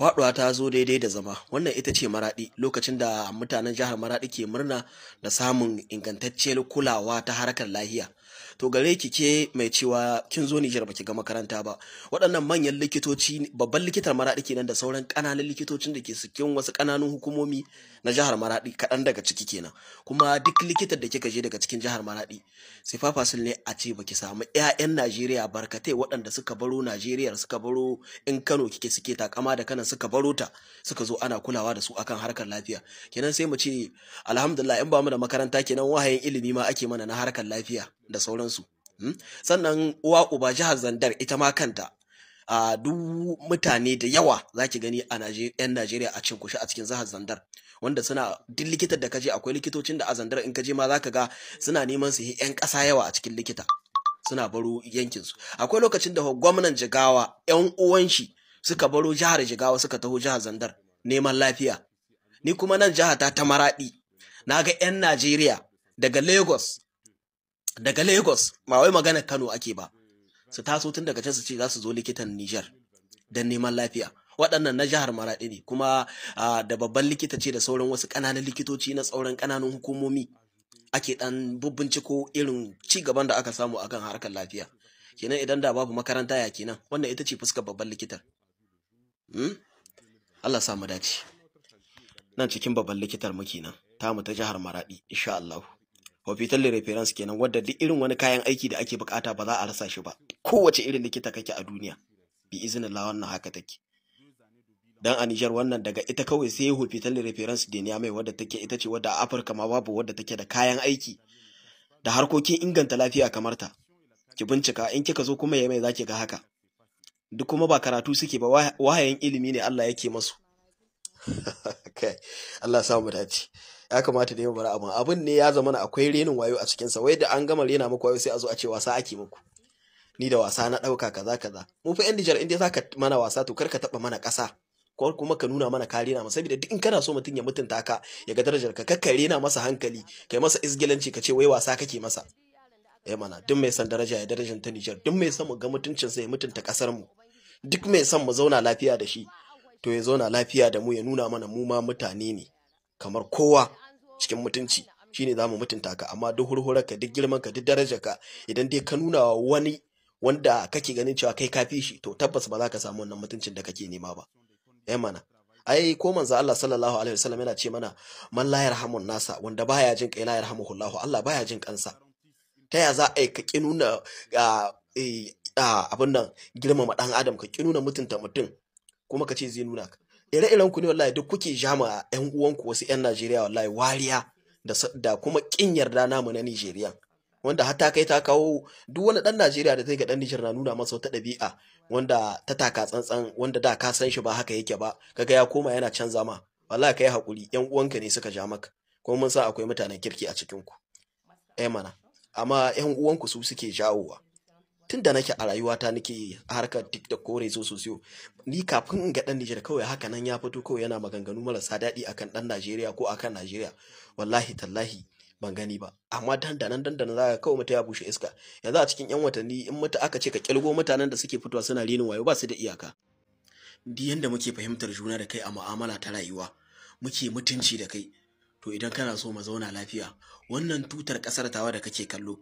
waɗuwa ta zo daidai da zama wannan ita ce maraɗi lokacin da mutanen jihar maraɗi ke murna da samun ingantacciyar kulawa ta harkar lahiya to gare ki ke mai cewa kin zo Nijar baki ga makaranta ba waɗannan manyan likitoci babban likitar maraɗi kenan da sauran ƙananan likitocin da ke sukin wasu ƙananun hukumomi na jihar Maraɗi kaɗan daga ciki kenan kuma duk likitar da kika je daga cikin jihar Maradi sai fafasul ne a ce baki samu ƴaƴan Najeriya barkatai waɗanda suka baro Najeriya suka baro in Kano kike suke takama da Kano suka baro ta suka zo ana kulawa da su akan harkar lafiya kenan sai mu ce alhamdulillah in ba mu da makaranta kenan wahayin ilimi ma ake mana na harkar lafiya da sauransu hmm? sannan uwa uba jihar zandar ita ma kanta a duk mutane da yawa za ki gani a yan najeriya a cin kushi a cikin jihar zandar wanda suna duk likitar da kaje akwai likitocin da a zandar in kaje ma za ka ga suna neman su yi yan ƙasa yawa a cikin likita suna baro yankinsu akwai lokacin da gwamnan jigawa yan uwan shi suka baro jihar jigawa suka taho jihar zandar neman lafiya ni kuma nan jiha ta ta maraɗi na ga 'yan najeriya daga lagos daga Lagos ma wai magana Kano ake ba su taso tun daga can su ce za su zo likitan Niger don neman lafiya waɗannan na jihar Maraɗi ne kuma da babban likita ce da sauran wasu ƙananan likitoci na sauran ƙananan hukumomi ake ɗan bubbinciko irin ci gaban da aka samu akan harkar lafiya kenan idan da babu makaranta ya kenan wannan ita ce fuskar babban likitar. Hmm? Allah sa dace nan cikin babban likitar mu kenan tamu ta jihar Maraɗi insha Allah hospital reference kenan wadda duk irin wani kayan aiki da ake bukata ba za a rasa shi ba kowace irin likita kake a duniya bi izinin la wannan haka take dan a Nijar wannan daga ita kawai sai hospital reference da mai wadda take ita ce wadda a Afirka ma babu wadda take da kayan aiki da harkokin inganta lafiya kamar ta ki bincika in kika zo kuma mai zaki ga haka duk kuma ba karatu suke ba wahayin ilimi ne Allah yake masu Allah samu dace ya kamata da yi bar abin abin ne ya zama akwai renin wayo a cikinsa wai da an gama rena muku wayo sai a zo a ce wasa ake muku ni da wasa na ɗauka kaza kaza mu fa yan dijar in zaka mana wasa to kar ka taɓa mana ƙasa ko kuma ka nuna mana kare na masa saboda duk in kana so mutum ya mutunta ka ya ga darajar ka kakka rena masa hankali kai masa isgilanci ka ce wai wasa kake masa eh mana duk mai san daraja ya darajar ta Nijar duk mai san mu ga mutuncin sa ya mutunta kasar mu duk mai san mu zauna lafiya da shi to ya zauna lafiya da mu ya nuna mana mu ma mutane ne kamar kowa cikin mutunci shine za mu mutunta ka amma duk hurhurarka duk girman ka duk darajar ka idan dai ka nuna wa wani wanda kake ganin cewa kai kafi shi to tabbas ba za ka samu wannan mutuncin da kake nema ba ai eh mana ai ko manzo Allah sallallahu alaihi wasallam yana ce mana man la yarhamun nasa wanda baya jin kai la yarhamuhu Allah Allah baya jin kansa ta ya za a yi ka ki nuna eh, abin nan girmama dan adam ka ki nuna mutunta mutum kuma ka ce zai nuna ka ire-iren ku ne wallahi duk kuke jama yan uwanku wasu yan Najeriya wallahi wariya da kuma kin yarda namu na Nijeriya wanda har ta kai ta kawo duk wani dan Najeriya da zai ga dan Nijar na nuna masa wata ɗabi'a wanda ta taka tsantsan wanda da ka san shi ba haka yake ba kaga ya koma yana canza ma wallahi kai hakuri yan uwanka ne suka ja maka kuma mun san akwai mutanen kirki a cikin ku eh mana amma yan uwanku su suke jawowa tun da nake a rayuwata nake harkar tiktok ko rezo sosiyo ni kafin in ga dan nijar kawai haka nan ya fito kawai yana maganganu marasa daɗi akan dan najeriya ko akan najeriya wallahi tallahi ban gani ba amma dan dandanan za ka kawai mata ya bushe iska yanzu a cikin yan watanni in mata aka ce ka kilgo mutanen da suke fitowa suna rinin wayo ba su da iyaka di yanda muke fahimtar juna da kai a mu'amala ta rayuwa muke mutunci da kai to idan kana so mu zauna lafiya wannan tutar kasar tawa da kake kallo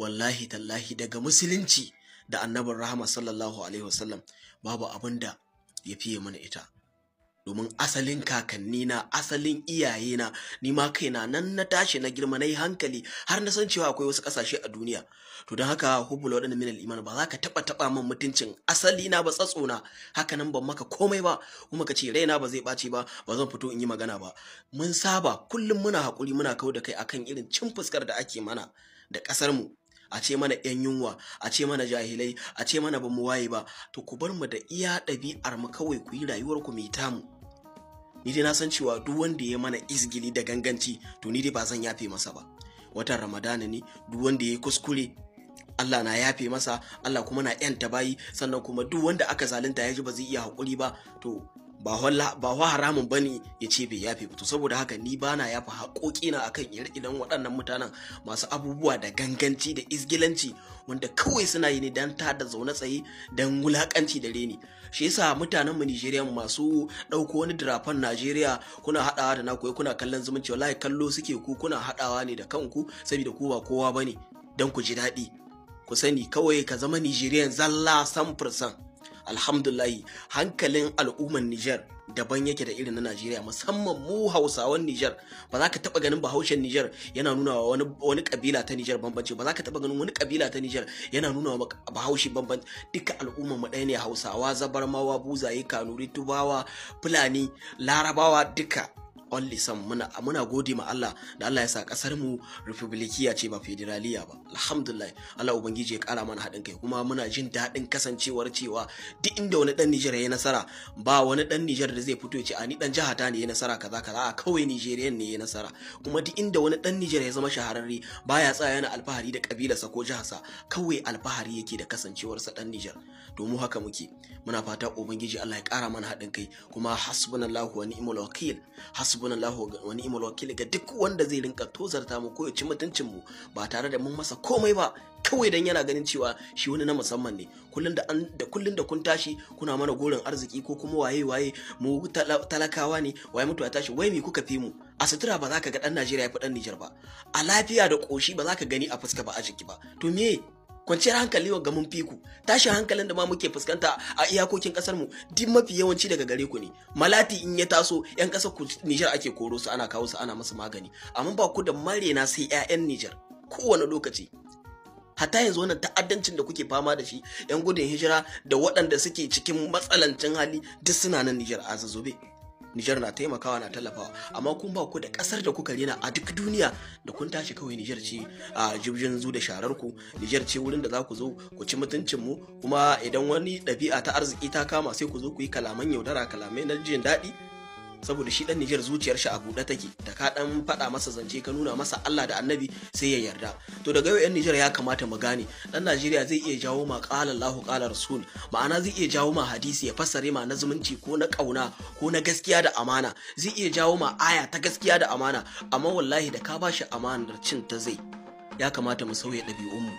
wallahi tallahi daga musulunci da annabin rahama sallallahu alaihi wasallam babu abin da ya fiye mana ita domin asalin kakanni na asalin iyaye na ni ma kaina nan na tashi na girma na yi hankali har na san cewa akwai wasu ƙasashe a duniya to don haka hubula waɗanda minal iman ba za ka taɓa taɓa min mutuncin asali na ba tsatsona haka nan ban maka komai ba kuma ka ce raina ba zai ɓaci ba ba zan fito in yi magana ba mun saba kullum muna hakuri muna kau da kai akan irin cin fuskar da ake mana da ƙasar mu a ce mana yan yunwa a ce mana jahilai a ce mana ba mu waye ba to ku bar mu da iya ɗabi'ar mu kawai ku yi rayuwar ku mai tamu ni dai na san cewa duk wanda ya mana izgili da ganganci to ni dai ba zan yafe masa ba watan ramadana ne duk wanda ya yi kuskure Allah na yafe masa Allah kuma na yanta bayi sannan kuma duk wanda aka zalunta ya ji ba zai iya haƙuri ba to ba wa haramun ba ne ya ce bai yafe ba to saboda haka ni ba na yafa haƙoƙi na akan irin waɗannan mutanen masu abubuwa da ganganci da izgilanci wanda kawai suna yi ne don tada zaune tsaye don wulaƙanci da reni shi yasa mutanen mu Nijeriya masu ɗauko wani dirafan Najeriya kuna haɗawa da naku kuna kallon zumunci wallahi kallo suke ku kuna haɗawa ne da kanku saboda ku ba kowa ba ne don ku ji daɗi ku sani kawai ka zama Nijeriyan zalla san fursan alhamdulahi hankalin al'umman Nijar daban yake da irin na Najeriya musamman mu Hausawan Nijar ba za ka taba ganin Bahaushen Nijar yana nuna wa wani kabila ta Nijar bambanci ba za ka taba ganin wani kabila ta Nijar yana nuna wa Bahaushe bambanci duka al'ummar mu ɗaya ne Hausawa Zabarmawa Buzaye Kanuri Tubawa Fulani Larabawa duka only son muna muna gode ma Allah da Allah ya sa kasar mu republikiya ce ba federaliya ba alhamdulillah Allah ubangiji ya kara mana haɗin kai kuma muna jin daɗin kasancewar cewa duk inda wani dan Nijar ya nasara ba wani dan Nijar da zai fito ya ce a ni dan jiha ta ne ya nasara kaza kaza a kawai Nijeriyan ne ya nasara kuma duk inda wani dan Nijar ya zama shahararre baya tsaya yana alfahari da kabilarsa ko jihar sa. kawai alfahari yake da kasancewarsa dan Nijar domin haka muke muna fata ubangiji Allah ya kara mana haɗin kai kuma hasbunallahu wa ni'mal wakil hasbunallahu wa ni'mal wakil ga duk wanda zai rinka tozarta mu ko ya ci mutuncin mu ba tare da mun masa komai ba kawai dan yana ganin cewa shi wani na musamman ne kullun da da kullun da kun tashi kuna mana gurin arziki ko kuma waye waye mu talakawa ne waye mutu ya tashi wai me kuka fi mu a sutura ba za ka ga dan Najeriya ya fi dan Nijar ba a lafiya da koshi ba za ka gani a fuska ba a jiki ba to me kwanciyar hankali wa mun fiku tashin hankalin da ma muke fuskanta a iyakokin kasar mu duk mafi yawanci daga gare ku ne malati in ya taso yan kasar ku Nijar ake koro su ana kawo su ana masa magani amma ba ku da marena sai ƴaƴan Nijar kowane lokaci hata yanzu wannan ta'addancin da kuke fama da shi yan gudun hijira da waɗanda suke cikin matsalancin hali duk suna nan Nijar a zazzobe Nijar na taimakawa na tallafawa amma kun ba ku da kasar da kuka rina a duk duniya da kun tashi kawai Nijar ce a jibjin zu da sharar ku Nijar ce wurin da za ku zo ku ci mutuncin mu kuma idan wani ɗabi'a ta arziki ta kama sai ku zo ku yi kalaman yaudara kalamai na jin daɗi saboda shi dan Nijar zuciyar shi a buɗe take da ka dan faɗa masa zance ka nuna masa Allah da Annabi sai ya yarda to daga yau yan Nijar ya kamata mu gane dan Najeriya zai iya jawo ma qala Allahu qala Rasul ma'ana zai iya jawo ma hadisi ya fassare ma na zumunci ko na kauna ko na gaskiya da amana zai iya jawo ma aya ta gaskiya da amana amma wallahi da ka bashi amanar cin ta zai ya kamata mu sauya ɗabi'unmu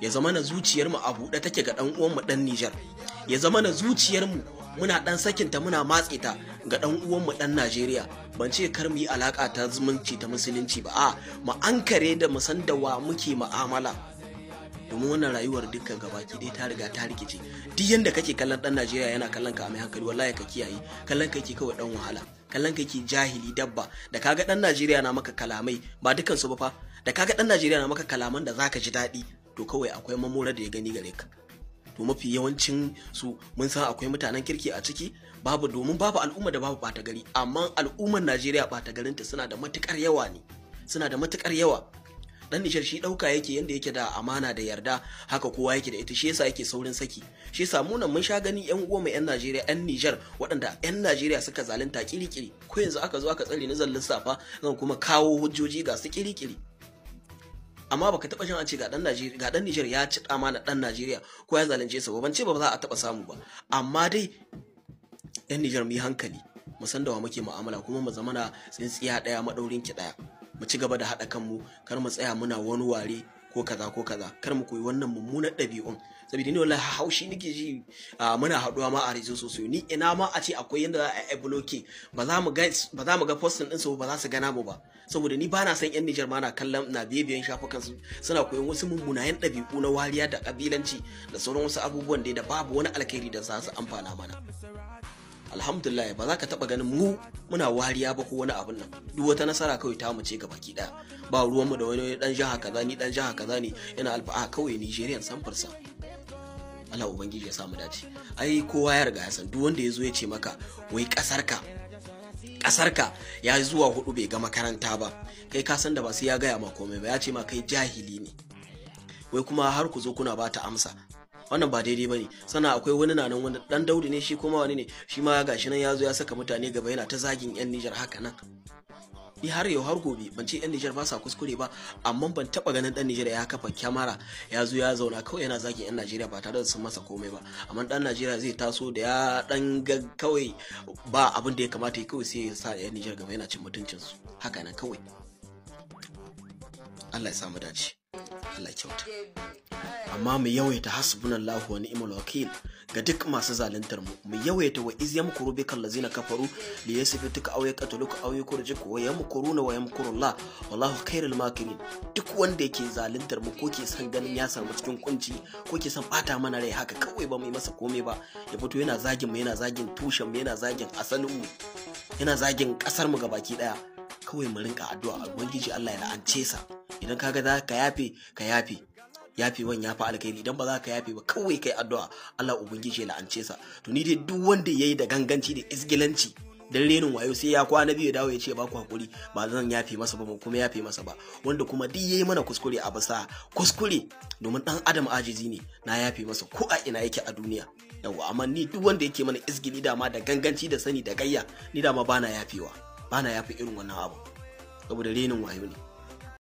ya zama na zuciyarmu a buɗe take ga ɗan mu ɗan Nijar ya zama na zuciyar mu. muna dan ta muna matse ta ga dan mu dan Najeriya ban ce kar mu yi alaka ta zumunci ta musulunci ba a mu ankare da mu san da wa muke mu'amala domin wannan rayuwar dukkan gabaki dai ta riga ta rikice duk yanda kake kallon dan Najeriya yana kallon ka mai hankali wallahi ka kiyaye kallon ka yake kawai dan wahala kallon ka yake jahili dabba da kaga dan Najeriya na maka kalamai ba dukan su ba fa da kaga dan Najeriya na maka kalaman da zaka ji daɗi to kawai akwai mamora da ya gani gare ka to mafi yawancin su mun san akwai mutanen kirki a ciki babu domin babu al'umma da babu bata gari amma al'ummar najeriya ɓata garinta suna da matukar yawa ne suna da matukar yawa dan nishar shi dauka yake yanda yake da amana da yarda haka kowa yake da ita shi yasa yake saurin saki shi yasa mu nan mun sha gani yan uwa mai yan Najeriya yan nijar waɗanda yan Najeriya suka zalunta kirikiri ko yanzu aka zo aka tsare ni zallin safa zan kuma kawo hujjoji ga su kirikiri amma baka taba jin an ce ga dan nijar ya ci na dan Najeriya ko ya zalunce sa ban ce ba za a taba samu ba amma dai yan nijar mu yi hankali mu san da wa muke mu'amala kuma mu zamana tsintsiya daya madaurin ki daya mu ci gaba da haɗa kanmu kar mu tsaya muna wani ware ko kaza ko kaza kar mu koyi wannan mummunan ɗabi'un saboda ni wallahi haushi nake ji muna haɗuwa ma a rezo sosai ni ina ma a ce akwai yanda za a yi bloke ba za mu ga ba za mu postin din su ba za su gana mu ba saboda ni bana san yan Nijar ma na kallon na biye-biyen shafukan su suna koyon wasu mummunayen ɗabi'u na wariya da kabilanci da sauran wasu abubuwan da babu wani alkhairi da za su amfana mana alhamdulillah ba za ka taba ganin mu muna wariya ba ko wani abin nan duk wata nasara kawai ta mu ce ga baki daya ba ruwan mu da wani dan jaha kaza ni dan jaha kaza ne yana a kawai Nigerian samfarsa Allah ubangiji ya samu dace ai kowa ya riga ya san duk wanda ya zo ya ce maka wai kasarka kasarka ya zuwa hudu bai ga makaranta ba kai ka san da ba sai ya gaya ma komai ba ya ce ma kai jahili ne wai kuma har ku zo kuna bata amsa wannan ba daidai ba ne sana akwai wani nanan wani dan daudi ne shi kuma wani ne shi ma shi nan ya zo ya saka mutane gaba yana ta zagin yan Nijar haka nan ni har yau har gobe ban ce yan Nijar ba sa kuskure ba amma ban taba ganin dan Nijar ya kafa kyamara ya zo ya zauna kawai yana zagin yan Najeriya ba tare da sun masa komai ba amma dan Najeriya zai taso da ya dan kawai ba abin da ya kamata ya kawai sai ya sa yan Nijar gaba yana cin mutuncinsu su haka nan kawai Allah ya samu dace Allah kyauta amma mu yawaita hasbunallahu wa ni'mal wakil ga duk masu zaluntar mu mu yawaita wa iz yamkuru bikal lazina kafaru li yasfituka aw yaqtuluka aw jiku wa na wa la wallahu khairul makirin duk wanda yake zaluntar mu ko ke san ganin ya samu cikin kunci ko ke san bata mana rai haka kawai ba mu yi masa komai ba ya fito yana zagin mu yana zagin tushen mu yana zagin asalin mu yana zagin kasar mu gabaki daya kawai mu rinka addu'a ubangiji Allah ya la'ance sa idan kaga za ka yafe ka yafe yafe wan yafi alkhairi idan ba za ka yafe ba kawai kai addu'a Allah ubangiji ya la'ance sa to ni dai duk wanda yayi da ganganci da isgilanci dan renin wayo sai ya kwana biyu ya dawo ya ce ba ku hakuri ba zan yafe masa ba kuma yafe masa ba wanda kuma duk yayi mana kuskure a basa kuskure domin dan adam ajizi ne na yafe masa ko a ina yake a duniya yawa amma ni duk wanda yake mana isgili dama da ganganci da sani da gayya ni dama bana yafewa bana fi irin wannan abu saboda renin wayo ne